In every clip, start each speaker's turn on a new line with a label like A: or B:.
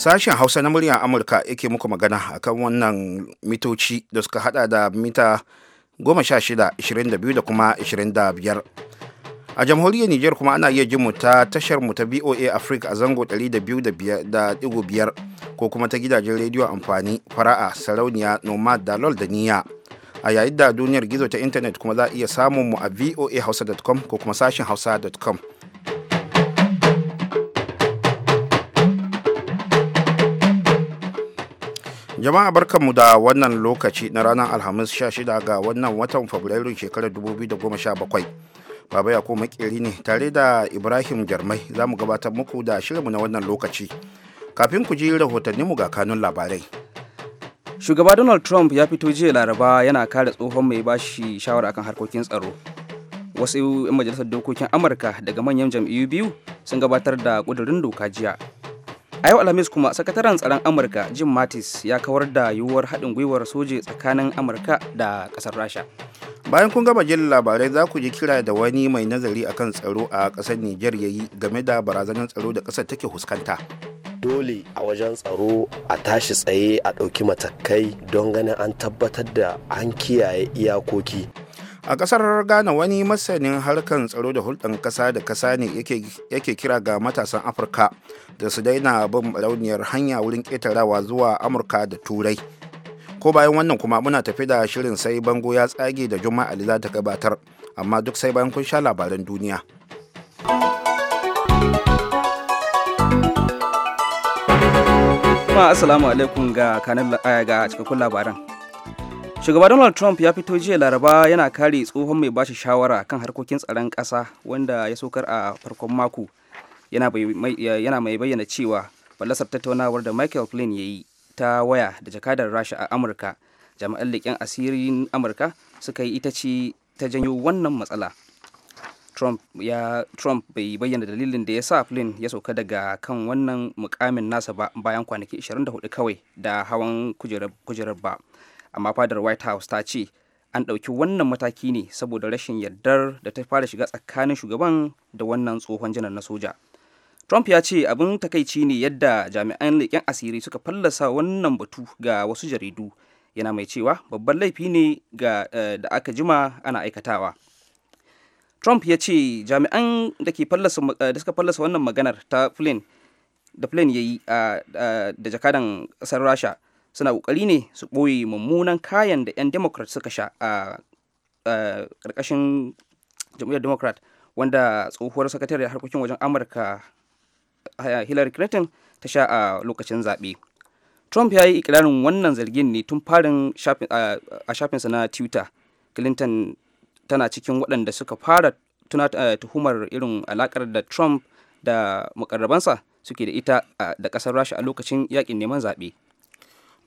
A: Sashen Hausa na muryar Amurka yake muku magana akan wannan mitoci da suka hada da mita 16, 22 da kuma 25. A jamhuriyar Nijar kuma ana iya jin mu ta tashar mu ta BOA Africa a zango 200.5 ko kuma ta gidajen rediyo amfani fara'a sarauniya nomad da lol da niya. A yayin da duniyar gizo ta intanet kuma za a iya samun mu a hausa.com ko kuma sashen hausa.com. jama'a barkanmu da wannan lokaci na ranar alhamis 16 ga wannan watan fabrairu shekarar 2017 baba ya kuma makeri ne tare da ibrahim jarmai za mu gabatar muku da
B: shirinmu na wannan lokaci kafin ku ji rahotanninmu ga kanun labarai shugaba donald trump ya fito jiya laraba yana kare tsohon mai bashi shawara akan harkokin tsaro wasu 'yan majalisar dokokin amurka daga manyan jam'iyyu biyu sun gabatar da ƙudurin doka jiya a yau alhamis kuma sakataren tsaron amurka jim mattis ya kawar da yiwuwar haɗin gwiwar soji tsakanin amurka da ƙasar rasha bayan kun gama jin labarai
A: za ku ji kira da wani mai nazari akan tsaro a ƙasar nijar ya yi game da barazanar tsaro da ƙasar take fuskanta
C: dole a wajen tsaro a tashi tsaye a ɗauki matakai
A: don ganin an tabbatar da an kiyaye iyakoki a kasar ghana wani masanin harkar tsaro da hulɗar ƙasa da ƙasa ne yake kira ga matasan afirka da su daina bin rauniyar hanya wurin ƙetarawa zuwa amurka da turai ko bayan wannan kuma muna tafi da shirin sai bango ya tsage da juma'a da za ta gabatar amma duk sai bayan kun sha labaran duniya
B: asalamu alaikum eh, ga cikakkun labaran. shugaba donald trump ya fito jiya laraba yana kare tsohon mai bashi shawara kan harkokin tsaron ƙasa wanda ya sokar a farkon mako yana mai bayyana cewa fallasar tattaunawar da michael flynn ya yi ta waya da jakadar rasha a amurka jami'an leƙen asirin amurka suka yi ita ce ta janyo wannan matsala trump bai bayyana dalilin da ya sa flynn ya sauka daga kan wannan mukamin nasa ba bayan kwanaki 24 kawai da hawan kujerar ba amma fadar white house ta ce an ɗauki wannan mataki ne saboda rashin yardar da ta fara shiga tsakanin shugaban da wannan tsohon janar na soja trump ya ce abin takaici ne yadda jami'an leƙen asiri suka fallasa wannan batu ga wasu jaridu yana mai cewa babban laifi ne ga eh, da aka jima ana aikatawa trump ya ce jami'an eh, da suka fallasa wannan maganar ta flynn da flynn ya yi ah, ah, da jakadan ƙasar rasha suna kokari ne su ɓoye mummunan kayan da 'yan democrat suka sha a ƙarƙashin jam'iyyar democrat wanda tsohuwar sakatare harkokin wajen amurka hillary clinton ta sha a lokacin zaɓe trump ya yi ikirarin wannan zargin ne tun farin a shafinsa na twitter clinton tana cikin waɗanda suka fara tuhumar irin alakar da trump da makarrabansa suke da ita da ƙasar rasha a lokacin yakin neman zaɓe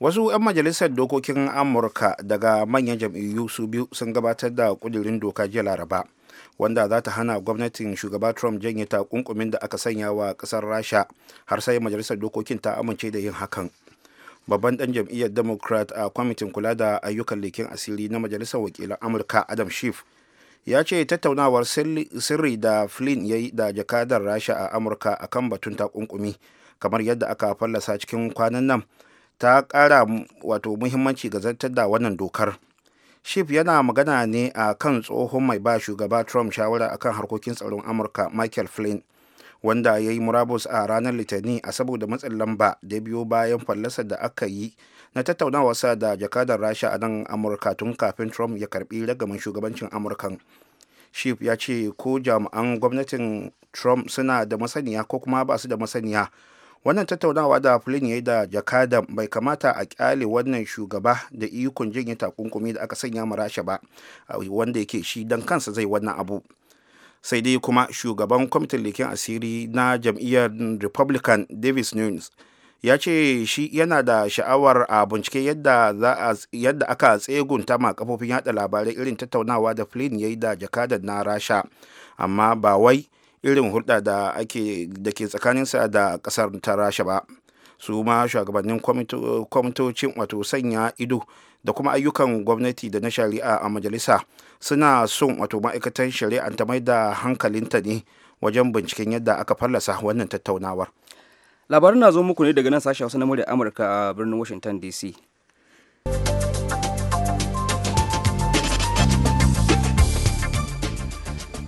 B: wasu 'yan majalisar
A: dokokin amurka daga manyan jam'iyyu su biyu sun gabatar da kudirin doka jiya laraba wanda za ta hana gwamnatin shugaba trump janye takunkumin da aka sanya wa kasar rasha har sai majalisar dokokin ta amince da yin hakan babban dan jam'iyyar democrat a kwamitin kula da ayyukan leken asiri na majalisar wakilan amurka adam schiff ya ce tattaunawar sirri da flynn ya yi da jakadar rasha a amurka akan batun takunkumi kamar yadda aka fallasa cikin kwanan nan ta kara wato muhimmanci ga zartar da wannan dokar shif yana magana ne a kan tsohon mai ba shugaba trump shawara a kan harkokin tsaron amurka michael flynn wanda ya yi murabus a ranar litani a saboda matsin lamba da biyo bayan fallasar da aka yi na tattaunawarsa da jakadar rasha a nan amurka tun kafin trump ya karbi ragaman shugabancin amurkan shif ya ce ko jami'an gwamnatin trump suna da masaniya ko kuma ba su da masaniya wannan tattaunawa da flin ya yi da jakadan bai kamata a kyale wannan shugaba da ikon janye takunkumi da aka sanya ma rasha ba wanda yake shi dan kansa zai wannan abu sai dai kuma shugaban kwamitin leken asiri na jam'iyyar republican davis nunes ya ce shi yana da sha'awar a bincike yadda aka tsegunta ma kafofin yada labarai irin tattaunawa da flin ya yi da jakadan na rasha amma ba wai irin hulɗa da ake da ke tsakaninsa da ƙasar ta rasha ba su ma shugabannin kwamitocin wato sanya ido da kuma ayyukan gwamnati da na shari'a a majalisa suna son wato ma'aikatan shari'a ta mai da hankalinta ne wajen binciken yadda aka fallasa wannan tattaunawar
B: labarin na zo muku ne daga nan sashen wasu na murya amurka a birnin washington dc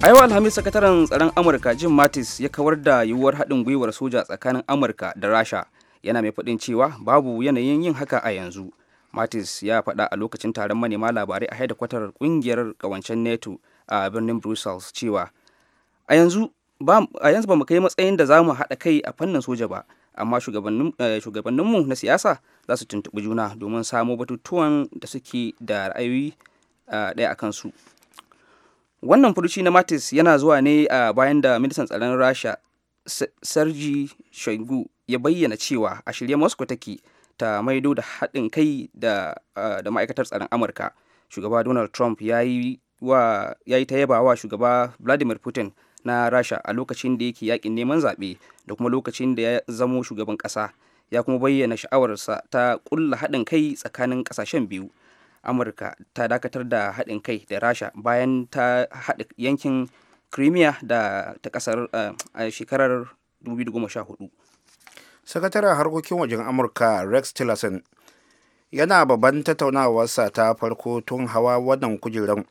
B: a yau alhamis sakataren tsaron amurka jim mattis ya kawar da yiwuwar haɗin gwiwar soja tsakanin amurka da rasha yana mai faɗin cewa babu yanayin yin haka a yanzu mattis ya faɗa a lokacin taron manema labarai a kwatar ƙungiyar ƙawancen neto a birnin brussels cewa a yanzu ba mu kai matsayin da za mu haɗa kai a fannin soja ba amma eh, shugabanninmu na siyasa za su tuntuɓi juna domin samo batutuwan da suke da ra'ayoyi eh, ɗaya a kansu. wannan furuci na matis yana zuwa ne a bayan da ministan tsaron rasha sergi shoigu ya bayyana cewa a shirye moscow take ta maido da haɗin kai da, ma'aikatar tsaron amurka shugaba donald trump ya yi ta yaba wa shugaba vladimir putin na rasha a lokacin da yake yakin neman zaɓe da kuma lokacin da ya zamo shugaban ƙasa ya kuma bayyana sha'awarsa ta ƙulla haɗin kai tsakanin ƙasashen biyu amurka ta dakatar da haɗin kai da rasha bayan ta haɗa yankin crimea da ta ƙasar eh, a shekarar 2014
A: sakataren harkokin wajen amurka rex tillerson yana babban tattaunawarsa ta farko tun hawa wannan kujerar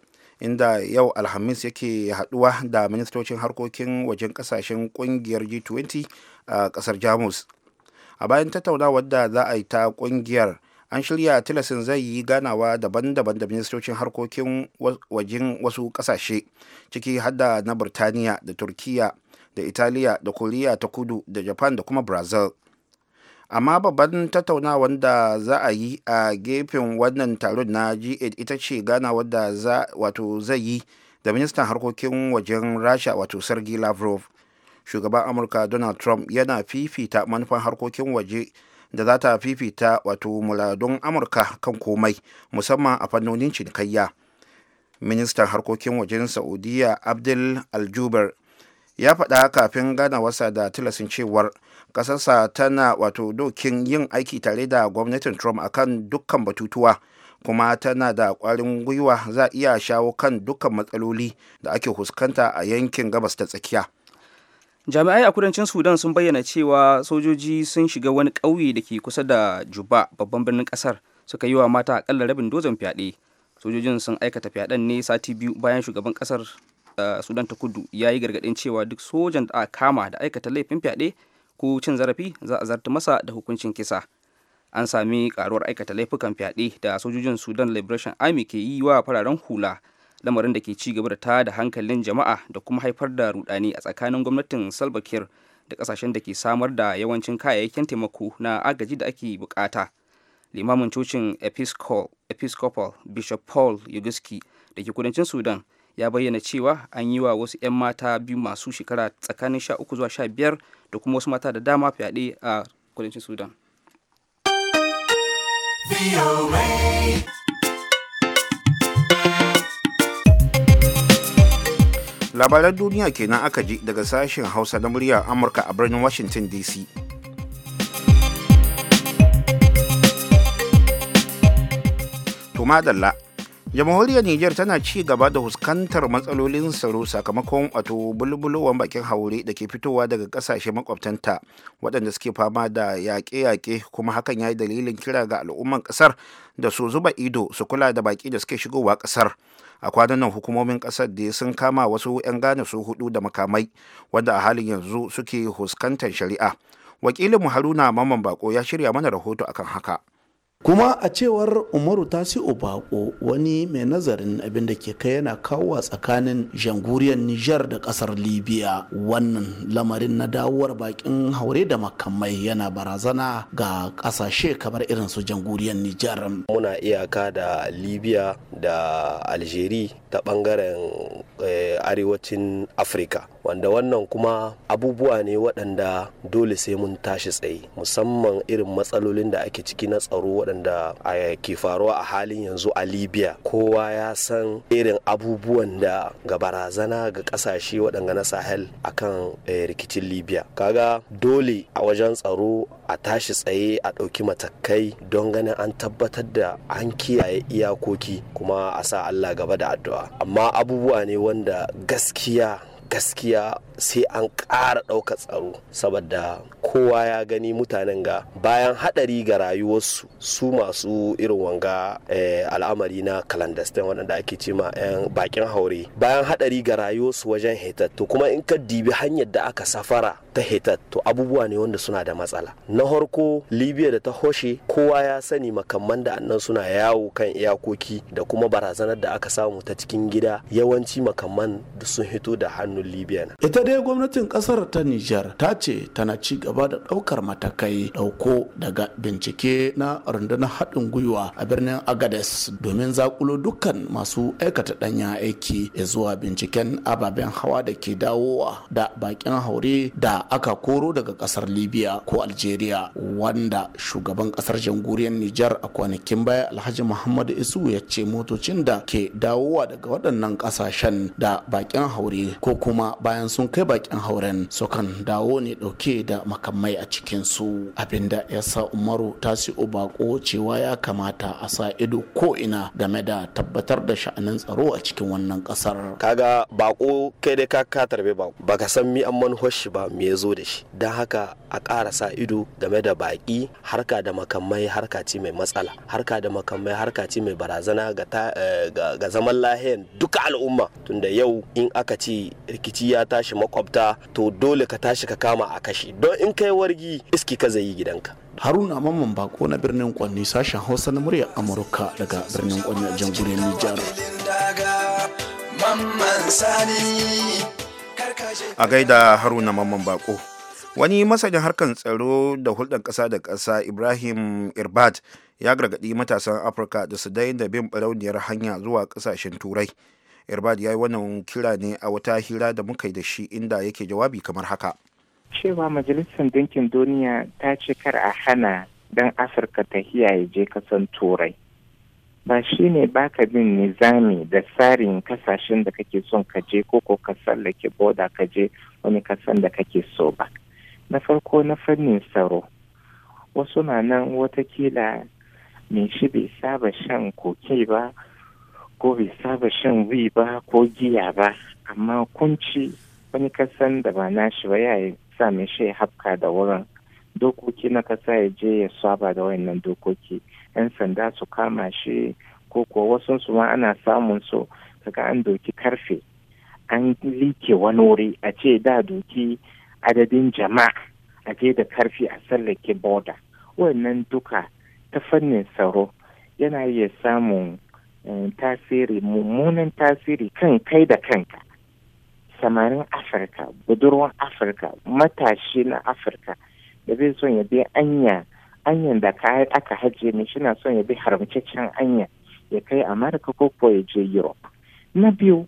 A: inda yau alhamis yake haduwa da ministocin harkokin wajen kasashen kungiyar g20 a kasar jamus a bayan tattaunawar da za a yi ta kungiyar an shirya tilasin zai yi ganawa daban-daban da ministocin harkokin wajen wasu kasashe ciki hada na burtaniya da turkiya da italiya da koriya ta kudu da japan da kuma brazil amma babban tattaunawar da za a yi a gefen wannan taron na g8 ita ce gana da wato zai yi da ministan harkokin wajen rasha wato sergei lavrov shugaban amurka donald trump yana fifita manufan harkokin waje da za ta fifita wato muladun amurka kan komai musamman a fannonin cinikayya ministan harkokin wajen saudiya abdul aljubar ya faɗa kafin ganawarsa da tilasin cewar ƙasarsa tana wato dokin yin aiki tare da gwamnatin trump akan dukkan batutuwa kuma tana da ƙwarin gwiwa za iya shawo kan dukkan matsaloli da ake fuskanta a yankin gabas ta tsakiya.
B: jami'ai a kudancin sudan sun bayyana cewa sojoji sun shiga wani ƙauye da ke kusa da juba babban birnin ƙasar suka yi wa mata akalla rabin dozan fyaɗe sojojin sun aikata fyaɗen ne sati biyu bayan shugaban ƙasar eh, sudan ta kudu ya yi gargaɗin cewa duk sojan da aka kama da aikata laifin fyaɗe ko cin zarafi za a zarta masa da hukuncin kisa an sami karuwar aikata laifukan fyaɗe da sojojin sudan liberation army ke yi wa fararen hula lamarin da ke ci gaba da tada hankalin jama'a da kuma haifar da rudani a tsakanin gwamnatin salva da kasashen da ke samar da yawancin kayayyakin taimako na agaji da ake bukata limamin cocin episcopal bishop paul yuguski da ke kudancin sudan ya bayyana cewa an yi wa wasu 'yan mata biyu masu shekara tsakanin 13 zuwa sha biyar da kuma wasu mata da dama fyaɗe a kudancin sudan.
A: labaran duniya kenan aka ji daga sashen hausa na muryar amurka a birnin washington dc madalla jamhuriyar niger tana ci gaba da huskantar matsalolin tsaro sakamakon wato bulbulowar bakin haure da ke fitowa daga kasashe makwabtanta waɗanda suke fama da yaƙe-yaƙe kuma hakan ya yi dalilin kira ga al'umman ƙasar da su zuba ido su kula da baƙi da suke shigowa ƙasar. a kwanan nan hukumomin kasar da sun kama wasu 'yan gane su hudu da makamai wanda a halin yanzu suke huskantar shari'a wakilinmu haruna maman bako ya shirya mana rahoto akan haka kuma a cewar
D: umaru tasi obako wani mai nazarin abin da ke kai yana kawowa tsakanin janguriyar nijar da kasar libya wannan lamarin na dawowar bakin haure da makamai yana barazana ga kasashe kamar irin su janguriyar nijar
C: muna iyaka da libya da algeri ta bangaren eh, arewacin afirka wanda wannan kuma abubuwa ne waɗanda dole sai mun tashi tsaye musamman irin matsalolin da ake ciki na tsaro da ke faruwa a halin yanzu a libya kowa ya san irin abubuwan da ga barazana ga ƙasashe waɗanda na sahel a kan eh, rikicin libya kaga dole a wajen tsaro a tashi tsaye a ɗauki matakai don ganin an tabbatar da an kiyaye iyakoki kuma a sa allah gaba da addu'a amma abubuwa ne wanda gaskiya gaskiya sai an ƙara ɗaukar tsaro saboda kowa ya gani mutanen ga bayan haɗari ga rayuwarsu su masu irin wanga eh, al'amari na clandestine waɗanda ake ce ma 'yan bakin haure bayan haɗari ga rayuwarsu wajen hetat to kuma in ka dibi hanyar da aka safara ta hetat to abubuwa ne wanda suna da matsala na harko libya da ta hoshe kowa ya sani makamman da annan suna yawo kan iyakoki da kuma barazanar da aka samu ta cikin gida yawanci makamman da sun hito da hannu libya
D: ita dai gwamnatin kasar ta niger ta ce tana ci gaba da daukar matakai dauko daga bincike na rundunar haɗin gwiwa a birnin agades domin zakulo dukkan masu aikata ɗanya aiki zuwa binciken ababen hawa da ke dawowa da bakin haure da aka koro daga kasar libya ko algeria wanda shugaban kasar jamhuriyar niger a kwanakin baya alhaji muhammadu isu ya ce motocin da ke dawowa daga waɗannan ƙasashen da bakin haure ko kuma bayan sun kai bakin hauren sukan dawo ne dauke da makamai a cikinsu, su abinda ya sa umaru ta si ubako cewa ya kamata a sa ido ko ina game da tabbatar da sha'anin tsaro a cikin wannan kasar
C: kaga bako kai dai ka ka tarbe bako baka san mi an manhoshi ba me ya zo da shi don haka a ƙara sa ido game da baƙi harka da makamai harka ce mai matsala harka da makamai harka ce mai barazana ga eh, zaman lahiyan duka al'umma tunda yau in aka ce rikici ya tashi makwabta to dole ka tashi ka kama a kashi don in kai wargi iski ka zai yi gidanka
D: haruna mamman bako na birnin kwanni sashen hausa na murya amurka
A: daga birnin kwanni a jamhuriyar nijar a gaida haruna mamman bako wani masanin harkar tsaro da hulɗar ƙasa da ƙasa ibrahim irbat ya gargaɗi matasan afirka da su daina bin barauniyar hanya zuwa ƙasashen turai irbat ya yi wannan kira ne a wata hira da muka yi da shi inda yake jawabi kamar haka cewa majalisar dinkin
E: duniya ta ce kar a hana
A: dan afirka ta hiyaye je kasan turai
E: ba shi ne baka bin nizami da tsarin kasashen da kake son ka je ko ko ka tsallake boda ka je wani kasan da kake so ba na farko na fannin tsaro wasu na nan watakila mai shi bai saba shan koke ba ko bai saba shan wi ba ko giya ba amma kunci wani kasan da ba nashi ba ya sa mai shi ya hafka da wurin dokoki na kasa ya je ya saba da wayannan dokoki yan sanda su kama shi ko kuwa wasu su ma ana samun su kaga an doki karfe an like wani wuri a ce da doki adadin jama'a a je da karfi a tsallake boda wannan duka ta fannin tsaro yana iya samun eh, tasiri mummunan tasiri kan kai da kanka samarin afirka budurwan afirka matashi na afirka da zai son ya bi anya anyan da aka hajiye ne shi na son ya bi haramcaccen anya ya kai amurka ko ko ya je europe na biyu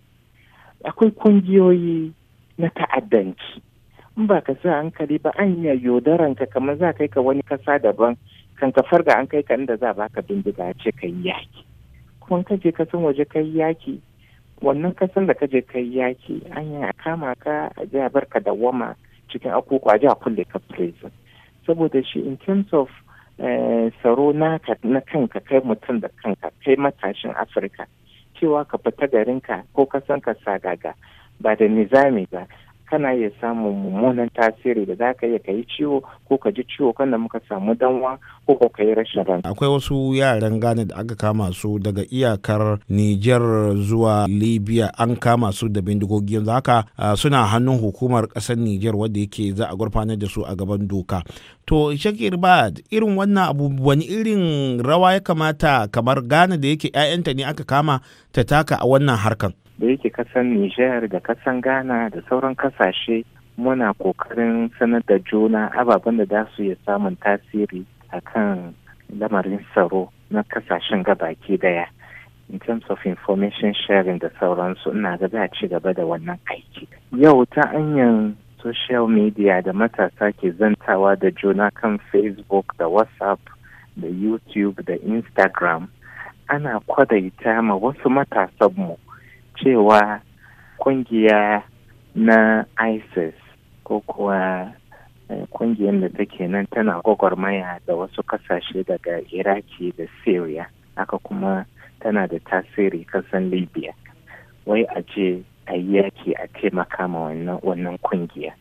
E: akwai kungiyoyi na ta'addanci in ba ka sa hankali ba an ya yaudaran ka kamar za kai ka wani kasa daban kan ka farga an kai ka inda za ka bindiga a ce kai yaki kuma ka je kasan waje kai yaki wannan kasan da ka je kai yaki an a kama ka a ji a barka da wama cikin akuku a ji a kulle ka prison saboda shi in terms of eh, tsaro naka na kanka kai mutum da kanka kai matashin afirka cewa ka fita garinka ko kasan ka sagaga ba da nizami ba kana iya samun mummunan tasiri da za ka iya ka yi ciwo ko ka ji ciwo da muka samu danwa ko ka yi rashin ran.
A: Akwai wasu yaran Ghana da aka kama su daga iyakar Nijar zuwa Libya an kama su da bindigogi yanzu haka suna hannun hukumar kasar Nijar wadda yake za a gurfanar da su a gaban doka. To Shakir Bad irin wannan abu wani irin rawa ya kamata kamar Ghana da yake 'ya'yanta ne aka kama ta taka a wannan harkan.
E: da yake kasan Nijar da kasan Ghana da sauran kasashe muna kokarin sanar da juna ababen da za su iya samun tasiri a kan lamarin tsaro na kasashen gabaki daya in terms of information sharing da sauransu ina ga za ci gaba da wannan aiki yau ta hanyar social media da matasa ke zantawa da juna kan facebook da whatsapp da youtube da instagram ana kwadaita ma wasu matasanmu cewa kungiya na isis ko kuwa eh, kungiyar da take nan tana gwagwarmaya da wasu kasashe daga iraki da syria aka kuma tana da tasiri kasan libya wai a je a yi yaki a taimaka ma wannan kungiya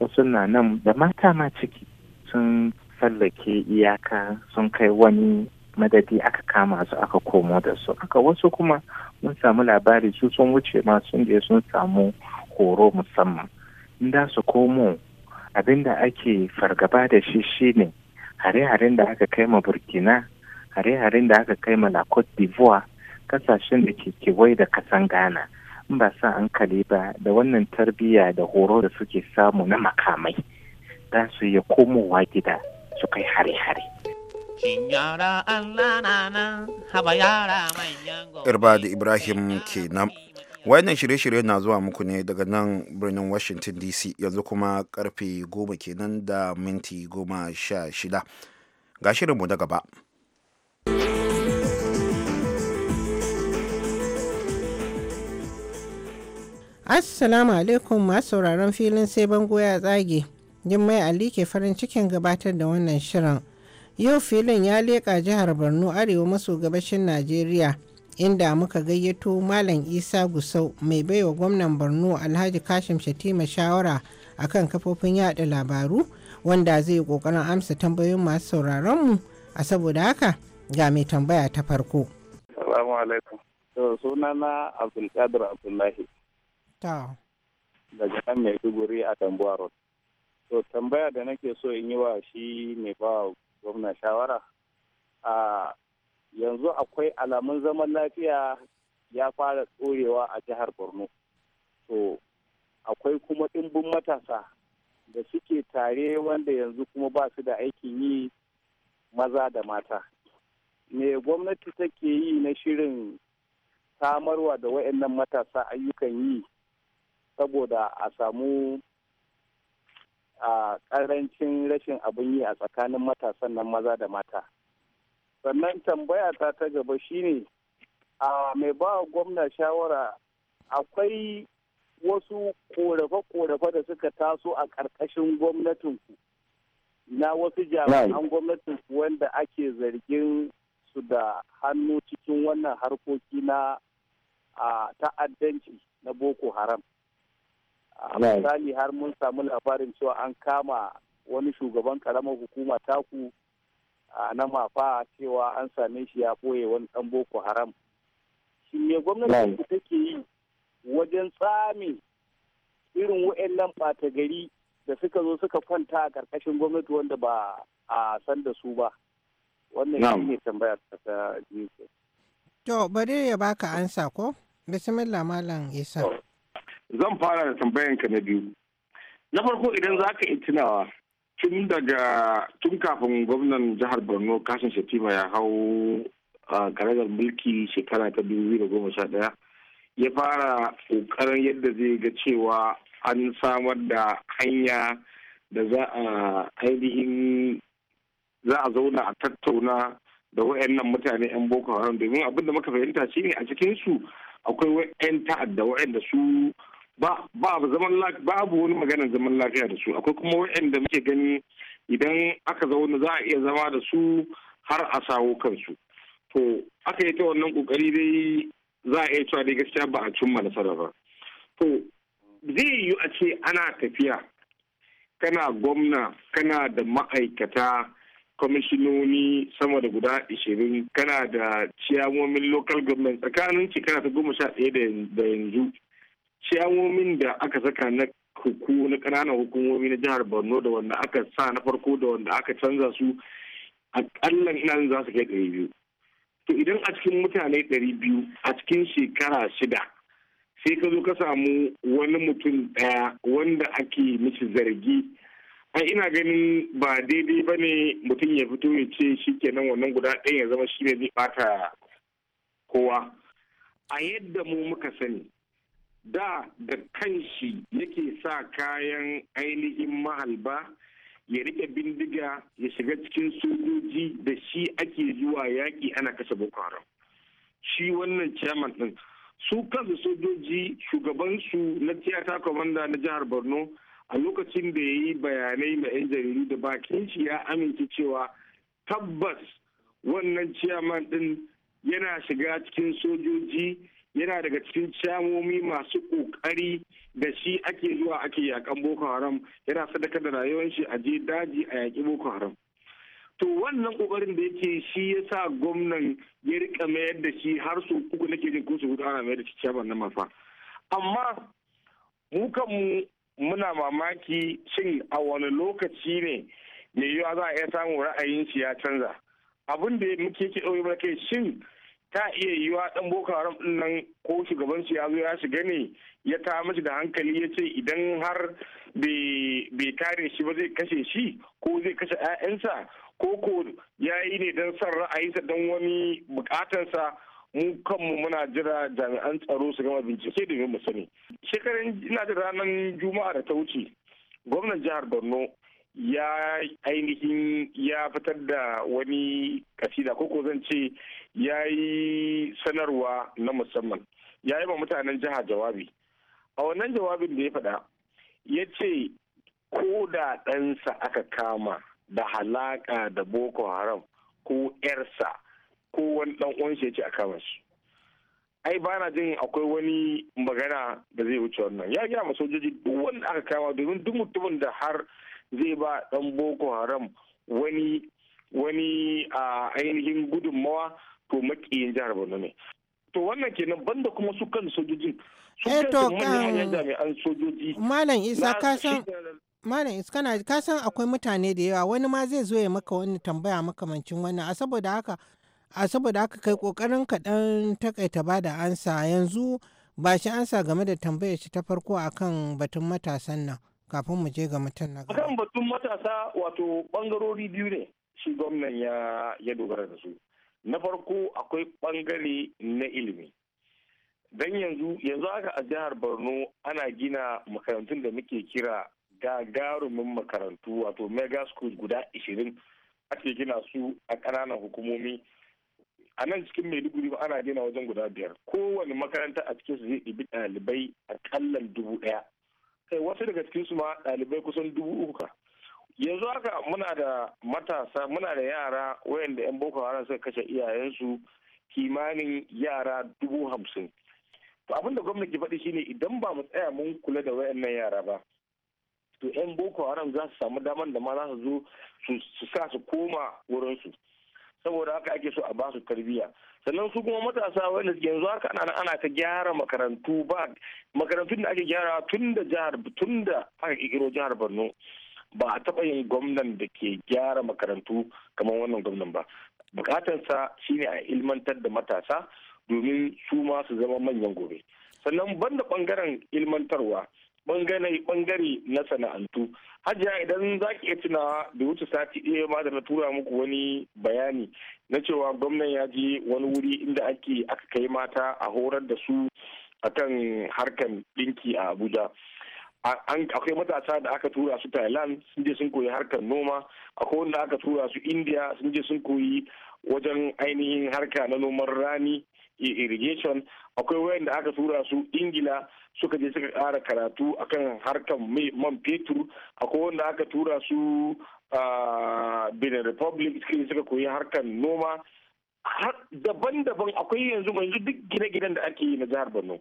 E: wasu na nan da mata ma ciki sun tsallake iyaka sun kai wani madadi aka kama su aka komo da su aka wasu kuma mun samu labari su sun wuce ma sun je sun samu horo musamman da su komo abinda ake fargaba da shi shine hare-haren da aka kai ma burkina hare-haren da aka kai ma la cote d'ivoire kasashen da ke kewaye da kasan ghana in ba sa an kale ba da wannan tarbiyya da horo da suke samu na makamai za su iya komowa
A: gida su kai hare-hare
F: Irbadi Allah na haba yara
A: Ibrahim kenan. Wannan shirye-shirye na zuwa muku ne daga nan birnin Washington DC yanzu kuma karfe goma kenan da minti goma sha shida. Ga shirinmu na gaba.
F: Assalamu alaikum masu sauraron filin sai bango ya tsage. Jummai Ali ke farin cikin gabatar da wannan shirin. yau filin ya leƙa jihar borno arewa maso gabashin najeriya inda muka gayyato malam isa gusau mai baiwa gwamnan borno alhaji kashim shatima shawara akan kafofin yada labaru wanda zai kokarin amsa tambayoyin masu sauraronmu a saboda haka ga mai tambaya ta farko
G: salamu alaikum sunana abdulkadir abdullahi daga nan maiduguri a tambuwa road to tambaya da nake so in yi wa shi mai ba. gwamna shawara a yanzu akwai alamun zaman lafiya ya fara tsorewa a jihar borno to akwai kuma ɗimbin matasa da suke tare wanda yanzu kuma ba su da aikin yi maza da mata me gwamnati take yi na shirin samarwa da waɗannan matasa ayyukan yi saboda a samu a karancin rashin abin yi a tsakanin matasan nan maza da mata sannan tambaya ta ta gaba shine a mai ba gwamna shawara akwai wasu korafe-korafe da suka taso a ƙarƙashin gwamnatinku na wasu jami'an gwamnatin wanda ake zargin su da hannu cikin wannan harkoki na ta'addanci na boko haram a misali har mun samu labarin cewa an kama wani shugaban karamar hukuma taku na mafa cewa an same shi ya ɓoye wani ɗan boko haram shi me gwamnati ku take yi wajen tsami irin nan ɓata gari da suka zo suka kwanta a ƙarƙashin gwamnati wanda ba a san da su ba wannan shi ne tambaya ta
F: to bari ya baka ansa ko bismillah malam isa
G: zan fara da tambayan ka na biyu na farko idan za ka tunawa tun daga tun kafin gwamnan jihar borno kashin shatima ya hau karagar mulki shekara ta ɗaya ya fara ƙoƙarin yadda zai ga cewa an samar da hanya da za a ainihin za a zauna a tattauna da wayannan mutane 'yan boko haram domin abinda muka fahimta shine a cikinsu akwai 'yan ta'adda wayanda su ba babu zaman lafiya babu wani magana zaman lafiya da su akwai kuma waɗanda muke gani idan aka zauna za a iya zama da su har a sawo kansu to aka yi ta wannan kokari dai za a iya cewa dai gaskiya ba a cimma nasara ba to zai yi a ce ana tafiya kana gwamna kana da ma'aikata kwamishinoni sama da guda ishirin kana da ciyamomin local government tsakanin shekara ta goma sha ɗaya da yanzu ciyawomin da aka saka na huku na ƙananan hukumomi na jihar borno da wanda aka sa na farko da wanda aka canza su a kallon ina za su kai ɗari biyu to idan a cikin mutane ɗari biyu a cikin shekara shida sai ka zo ka samu wani mutum ɗaya wanda ake mishi zargi ai ina ganin ba daidai ba ne mutum ya fito ya ce shi kenan wannan guda ɗaya ya zama shi ne zai ɓata kowa a yadda mu muka sani da da kanshi yake sa kayan ainihin mahalba ya rike bindiga ya shiga cikin sojoji da shi ake zuwa yaƙi ana kashe boko haram shi wannan chairman ɗin su kansu sojoji shugabansu na tiyata kwamanda na jihar borno a lokacin da ya yi bayanai na 'yan jaridu da bakin shi ya amince cewa tabbas wannan ciyaman din yana shiga cikin sojoji yana daga cikin camomi masu kokari da shi ake zuwa ake yakan boko haram yana sadaka da rayuwar shi a je daji a yaƙi boko haram to wannan kokarin da yake shi ya sa gwamnan ya rika mayar da shi har su uku nake jin ko su hudu ana mayar da shi ciyaman na mafa amma mu mu muna mamaki shin a wani lokaci ne mai yiwa za a iya samun ra'ayin shi ya canza abin da muke ke ɗauke mana kai shin ta iya yiwa dan boko haram nan ko shugaban su ya zo ya shiga ne ya ta mashi da hankali ya ce idan har bai kare shi ba zai kashe shi ko zai kashe 'ya'yansa ko ko ya yi ne don son ra'ayinsa don wani bukatansa mu kanmu muna jira jami'an tsaro su gama bincike domin mu sani shekaran ina da ranar juma'a da ta wuce gwamnan jihar borno ya ainihin ya fitar da wani kasida ko ko zan ce ya yi sanarwa na musamman ya yi ma mutanen jiha jawabi a wannan jawabin da ya faɗa ya ce ko da ɗansa aka kama da halaƙa da boko haram ko 'yarsa ko wani ɗan uwanshi ya ce a kama shi ai ba na jin akwai wani magana da zai wuce wannan ya gina ma sojoji duk wanda aka kama domin duk mutumin da har zai ba dan boko haram wani wani a ainihin gudunmawa to makiyin jihar borno ne to wannan kenan banda kuma su kan sojojin su eh, kan manyan eh, jami'an sojoji malam isa ka san
F: Malam Iskana ka san akwai mutane da yawa wani ma zai zo ya maka wani tambaya makamancin wannan a saboda haka a saboda haka kai kokarin ka dan takaita ba da ansa yanzu ba shi ansa game da tambayar shi ta farko akan batun matasan nan. kafin mu je ga mutum na
G: kan batun matasa wato bangarori biyu ne shi gwamnan ya dogara da su na farko akwai bangare na ilimi don yanzu yanzu haka a jihar borno ana gina makarantun da muke kira gagarumin makarantu wato mega school guda 20 ake gina su a kananan hukumomi a nan cikin maiduguri ana gina wajen guda biyar kowane makaranta a cikin su zai ɗibi ɗalibai a kallon dubu ɗaya kai wasu daga cikin su ma ɗalibai kusan dubu uku yanzu haka muna da matasa muna da yara wayan da yan boko haram suka kashe iyayensu kimanin yara dubu hamsin to abin da gwamnati faɗi shine idan ba mu tsaya mun kula da wayannan yara ba to yan boko haram za su samu daman da ma za su zo su sa su koma wurinsu saboda haka ake so a basu su tarbiyya sannan su kuma matasa wanda yanzu haka ana ana ta gyara makarantu ba makarantun da ake gyara tun da jihar tun da aka kirkiro jihar Borno ba a taɓa yin gwamnan da ke gyara makarantu kamar wannan gwamnan ba sa shine a ilmantar da matasa domin su ma su zama manyan gobe sannan banda bangaren ilmantarwa bangare na sana'antu hajiya idan za ki iya tunawa da wuce sati ɗaya ma da na tura muku wani bayani na cewa gwamnan ya je wani wuri inda ake aka kai mata a horar da su akan harkan ɗinki a abuja akwai matasa da aka tura su thailand sun je sun koyi harkar noma akwai wanda aka tura su india sun je sun koyi wajen ainihin harka na noman rani irrigation akwai da aka tura su ingila suka je suka kara karatu akan harkan man fetur akwai wanda aka tura su benin republic suka suka koyi harkar noma daban-daban akwai yanzu yanzu duk gine-ginen da ake yi na jihar borno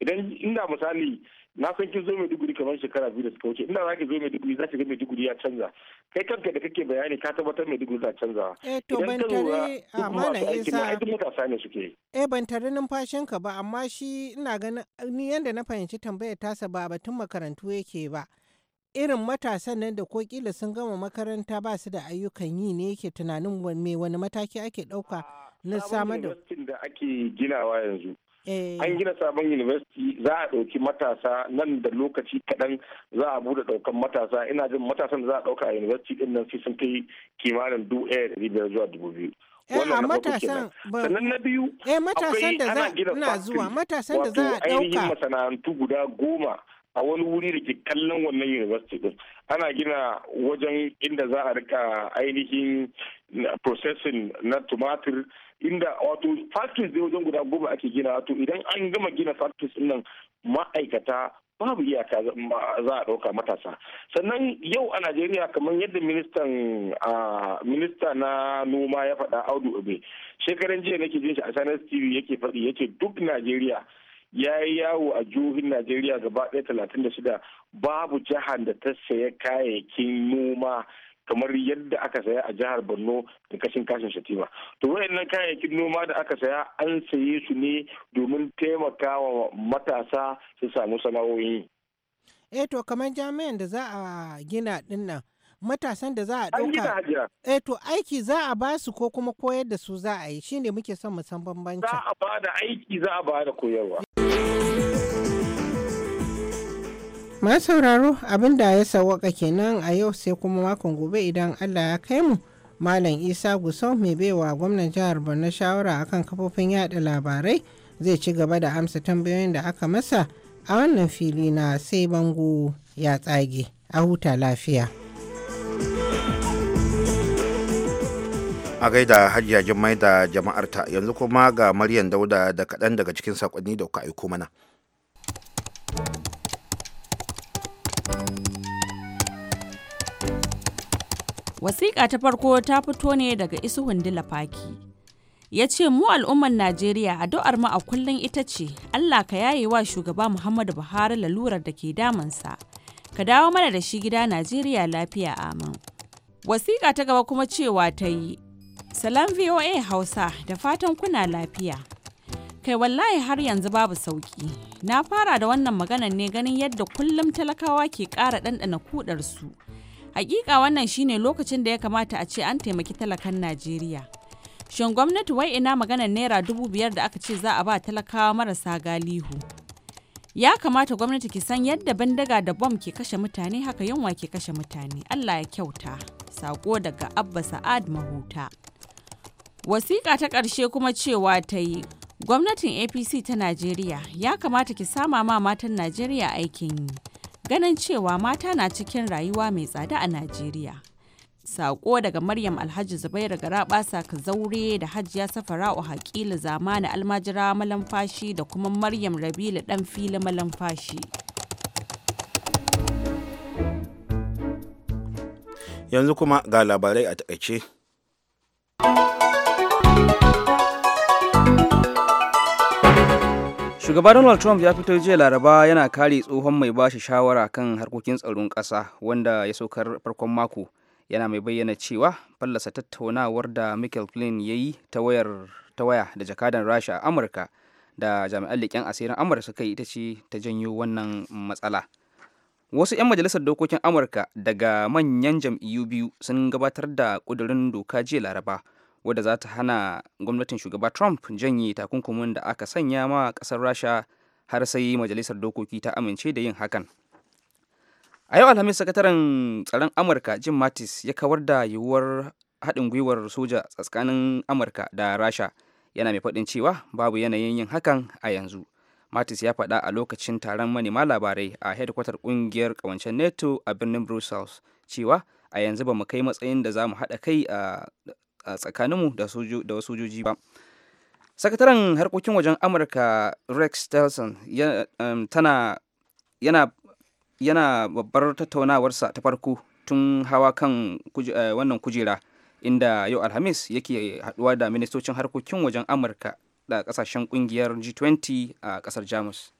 G: idan inda misali na san kin zo Maiduguri kamar shekara biyu da suka wuce inda ki zo Maiduguri za ki ga Maiduguri ya canza kai kanka da kake bayani ka tabbatar Maiduguri ta canza eh to ban tare a mana isa duk matasa ne suke
F: eh ban tare numfashin ka ba amma shi ina ganin ni yadda na fahimci tambaya tasa ba batun makarantu yake ba irin matasan nan da ko kila sun gama makaranta ba su da ayyukan yi ne yake tunanin me wani mataki ake dauka ah, na samar da
G: da ake ginawa yanzu Eh. an gina sabon university za a ɗauki matasa nan da lokaci kaɗan za a bude ɗaukan matasa ina jin matasan da za a ɗauka a university ɗin nan sai sun kai kimanin du ɗaya da biyar zuwa dubu biyu eh, wannan na matasan sannan na biyu eh, akwai ana gina zuwa matasan da za a ɗauka masana'antu guda goma a wani wuri da ke kallon wannan university din ana gina wajen inda za a rika ainihin processing na tumatir inda wato factories da wajen guda goma ake gina wato idan an gama gina factories din nan ma'aikata babu iyaka za a ɗauka matasa sannan yau a najeriya kamar yadda ministan minista na noma ya faɗa audu obe shekaran jiya nake jin shi a sanar tv yake faɗi yake duk najeriya ya yi yawo a jihohin najeriya gaba ɗaya talatin da shida babu jihar da ta saya kayayyakin noma kamar yadda aka saya a jihar borno da kashin kashin shatima to wayannan kayayyakin noma da aka saya an saye su ne domin taimakawa matasa su samu sana'o'i
F: eh to kamar jami'an da za a gina dinnan matasan da za a ɗauka eh to aiki za a ba su ko kuma koyar da su za a yi shine muke son mu san bambancin za
G: a ba da aiki za a ba da koyarwa
F: Ma sauraro abin da ya sawaka kenan a yau sai kuma makon gobe idan Allah ya kai mu. Malam Isa Gusau mai baiwa gwamnan jihar Borno shawara akan kafofin yada labarai zai ci gaba da amsa tambayoyin da aka masa a wannan fili na sai bango ya tsage a huta lafiya.
A: A gaida hajiya jimai da jama'arta yanzu kuma ga Maryam Dauda da kaɗan daga cikin sakonni da kuka aiko mana.
H: Wasiƙa ta farko ta fito ne daga isu hundula faki. Ya ce mu al'ummar Najeriya addu'ar mu a kullum ita ce Allah ka yaye wa shugaba Muhammadu Buhari lalurar da ke damansa. Ka dawo mana da shi gida Najeriya lafiya amin. Wasiƙa ta gaba kuma cewa ta yi Salam VOA Hausa da fatan kuna lafiya. Kai wallahi har yanzu babu sauki. Na fara da wannan maganar ne ganin yadda kullum talakawa ke ƙara ɗanɗana kudarsu Hakika wannan shine lokacin da ya kamata a ce an taimaki talakan Najeriya. Shin gwamnati wai ina maganar naira dubu biyar da aka ce za a ba talakawa marasa galihu. Ya kamata gwamnati ki san yadda bindiga da bom ke kashe mutane haka yunwa ke kashe mutane. Allah ya kyauta. Sako daga Abba Sa'ad Mahuta. Wasiƙa ta ƙarshe kuma cewa ta yi gwamnatin APC ta Najeriya ya kamata ki sama ma matan Najeriya aikin yi. ganin cewa mata na cikin rayuwa mai tsada a Najeriya. Sako daga Maryam Alhaji Zubairu Garabasa zaure da Hajiya Safara'u Haƙila Zamani Almajira Malamfashi da kuma Maryam Rabilu ɗan fili Malamfashi.
A: Yanzu kuma ga labarai
B: a taƙaice. shugaba donald trump ya fito jiya laraba yana kare tsohon mai bashi shawara kan harkokin tsaron ƙasa wanda ya saukar farkon mako yana mai bayyana cewa fallasa tattaunawar da michael flynn ya yi ta waya da jakadan rasha a amurka da jami'an leƙen asirin amurka suka yi ita ce ta janyo wannan matsala wasu 'yan majalisar dokokin amurka daga manyan jam'iyyu biyu sun gabatar da ƙudurin doka jiya laraba wadda za ta hana gwamnatin shugaba trump janye takunkumin da aka sanya ma kasar rasha har sai majalisar dokoki ta amince da yin hakan a yau alhamis sakataren tsaron amurka jim mattis ya kawar da yiwuwar haɗin gwiwar soja tsakanin amurka da rasha yana mai faɗin cewa babu yanayin yin hakan a yanzu mattis ya faɗa a lokacin taron manema labarai a hedkwatar ƙungiyar ƙawancen nato a birnin brussels cewa a yanzu ba mu kai matsayin da za mu haɗa kai a a tsakaninmu da wasu sojoji ba sakataren harkokin wajen amurka rex tillerson yana yana babbar tattaunawarsa ta farko tun hawa kan eh, wannan kujera inda yau alhamis yake haduwa da ministocin harkokin wajen amurka da kasashen kungiyar g20 a kasar jamus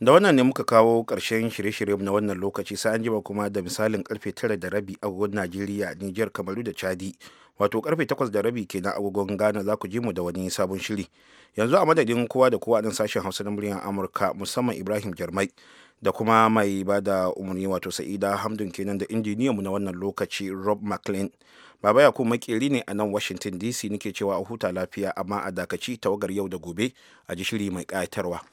A: da wannan ne muka kawo ƙarshen shirye-shirye na wannan lokaci sai an jima kuma da misalin karfe tara da rabi agogon najeriya nijar kamaru da chadi wato karfe takwas da rabi kenan agogon ghana za ku ji mu da wani sabon shiri yanzu a madadin kowa da kowa a nan sashen hausa na muryar amurka musamman ibrahim jarmai da kuma mai ba da umarni wato sa'ida hamdun kenan da injiniyan mu na wannan lokaci rob mclean baba kuma makeri ne a nan washington dc nake cewa a huta lafiya amma a dakaci tawagar yau da gobe a ji shiri mai ƙayatarwa.